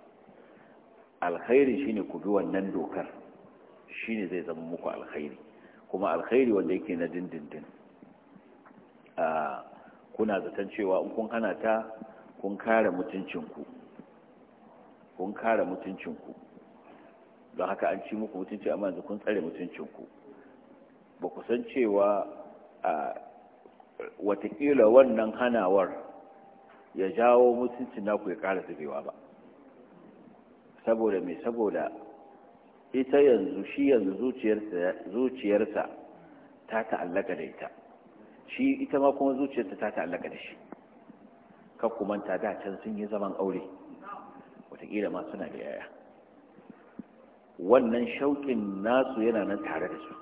alkhairi shine ku bi wannan dokar shine zai zama muku alkhairi kuma alkhairi wanda yake na dindindin a kuna zaton cewa in kun hana ta kun kare mutuncinku kun kare mutuncinku don haka an ci muku mutunci amma yanzu kun tsare mutuncinku ba ku san cewa a watakila wannan hanawar ya jawo mutuncin naku ya ƙara zubewa ba saboda mai saboda ita yanzu shi yanzu zuciyarsa ta ta'allaka da ita shi ita ma kuma zuciyarsa ta ta'allaka da shi ka kumanta da can sun yi zaman aure wataƙila ma suna da yaya wannan shauƙin nasu yana nan tare da su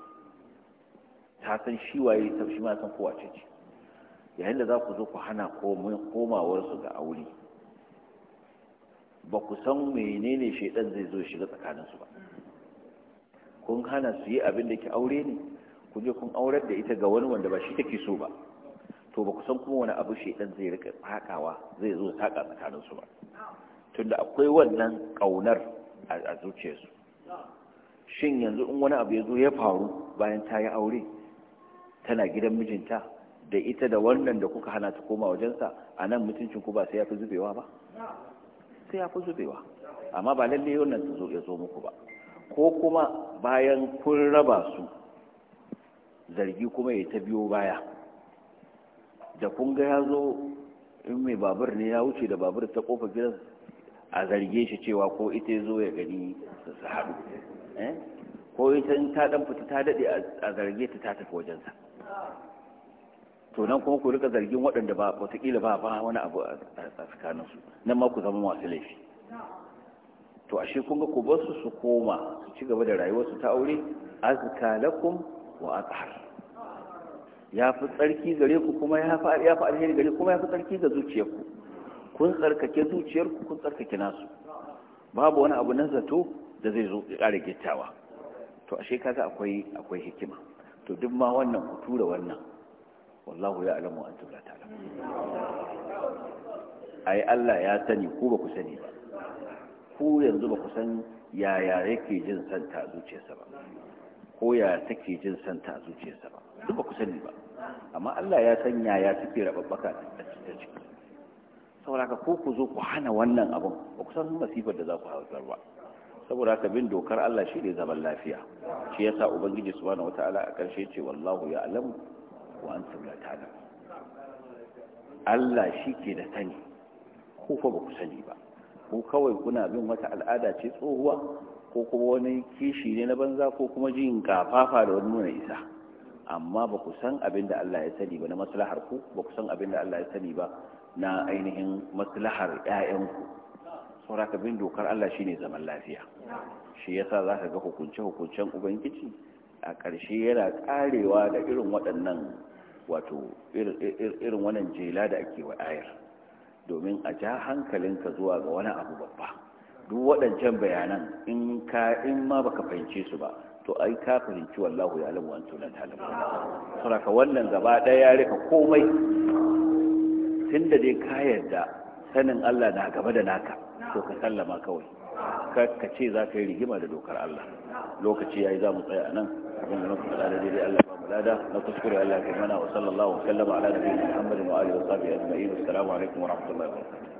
ta san shi waye ta shi ma san kowace ce yayin da za ku zo ku hana komawarsu ga aure ba ku san menene shaidan zai zo shiga tsakaninsu ba kun hana su yi abin da ke aure ne ku je kun aurar da ita ga wani wanda ba shi take so ba to ba ku san kuma wani abu shaidan zai rika takawa zai zo taka tsakaninsu ba tunda akwai wannan ƙaunar a zuciyarsu shin yanzu in wani abu ya zo ya faru bayan ta yi aure tana gidan mijinta da ita da wannan da kuka hana ta koma wajensa a nan mutuncinku ba sai ya fi zubewa ba sai ya fi zubewa amma ba lalle wannan ta zo ya zo muku ba ko kuma bayan kun raba su zargi kuma ya ta biyo baya da kun ga ya zo in mai babur ne ya wuce da babur ta kofa gidan a zarge shi cewa ko ita zo ya gani su haɗu eh? ko ita ta ɗan fita ta daɗe a zarge ta ta tafi wajensa to nan kuma ku rika zargin waɗanda ba wataƙila ba ba wani abu a tsakaninsu nan ma ku zama masu laifi to ashe kun ga ku bar su su koma su ci gaba da rayuwarsu ta aure azka lakum wa azhar ya fi tsarki gare ku kuma ya fi ya fi alheri gare kuma ya fi tsarki ga zuciyarku kun tsarkake zuciyarku kun tsarkake nasu babu wani abu na zato da zai zo ya ƙara gittawa to ashe kaga akwai akwai hikima to duk ma wannan ku tura wannan wallahu ya alamu an tumla A yi Allah ya sani ko ba ku sani ba Ko yanzu ba ku san yaya yake jin santa a zuciyarsa ba ko ya take jin santa a zuciyarsa ba duk ba ku sani ba amma Allah ya san yaya suke rababbaka a cikin saboda ka ko ku zo ku hana wannan abun ba ku san masifar da za ku haifar ba saboda haka bin dokar Allah shi ne zaman lafiya shi yasa ubangiji subhanahu wataala a karshe ce wallahu ya alamu an sirrata na Allah shi ke da sani ko fa ba ku sani ba ko kawai kuna bin wata al'ada ce tsohuwa ko kuma wani kishi ne na banza ko kuma jin kafafa da wani nuna isa amma ba ku san abin da Allah ya sani ba na maslahar ku ba ku san abin da Allah ya sani ba na ainihin maslahar ƴaƴanku ka bin dokar Allah shine zaman lafiya shi yasa za ka ga hukunce hukuncen ubangiji a ƙarshe yana ƙarewa da irin waɗannan wato irin wannan jela da ake wa ayar domin a ja hankalinka zuwa ga wani abu babba duk waɗancan bayanan in ka in ma baka fahimce su ba to ai ka fahimci wallahu ya alamu an tunan talabu ka wannan gaba ɗaya ya rika komai tun da dai ka yarda sanin Allah na gaba da naka to ka sallama kawai ka ce za ka yi rigima da dokar Allah lokaci ya yi za mu tsaya a nan abin da muka faɗa da daidai Allah لا نتشكر إلا كمنا وصلى الله وسلم على نبينا محمد وآله وصحبه أجمعين والسلام عليكم ورحمة الله وبركاته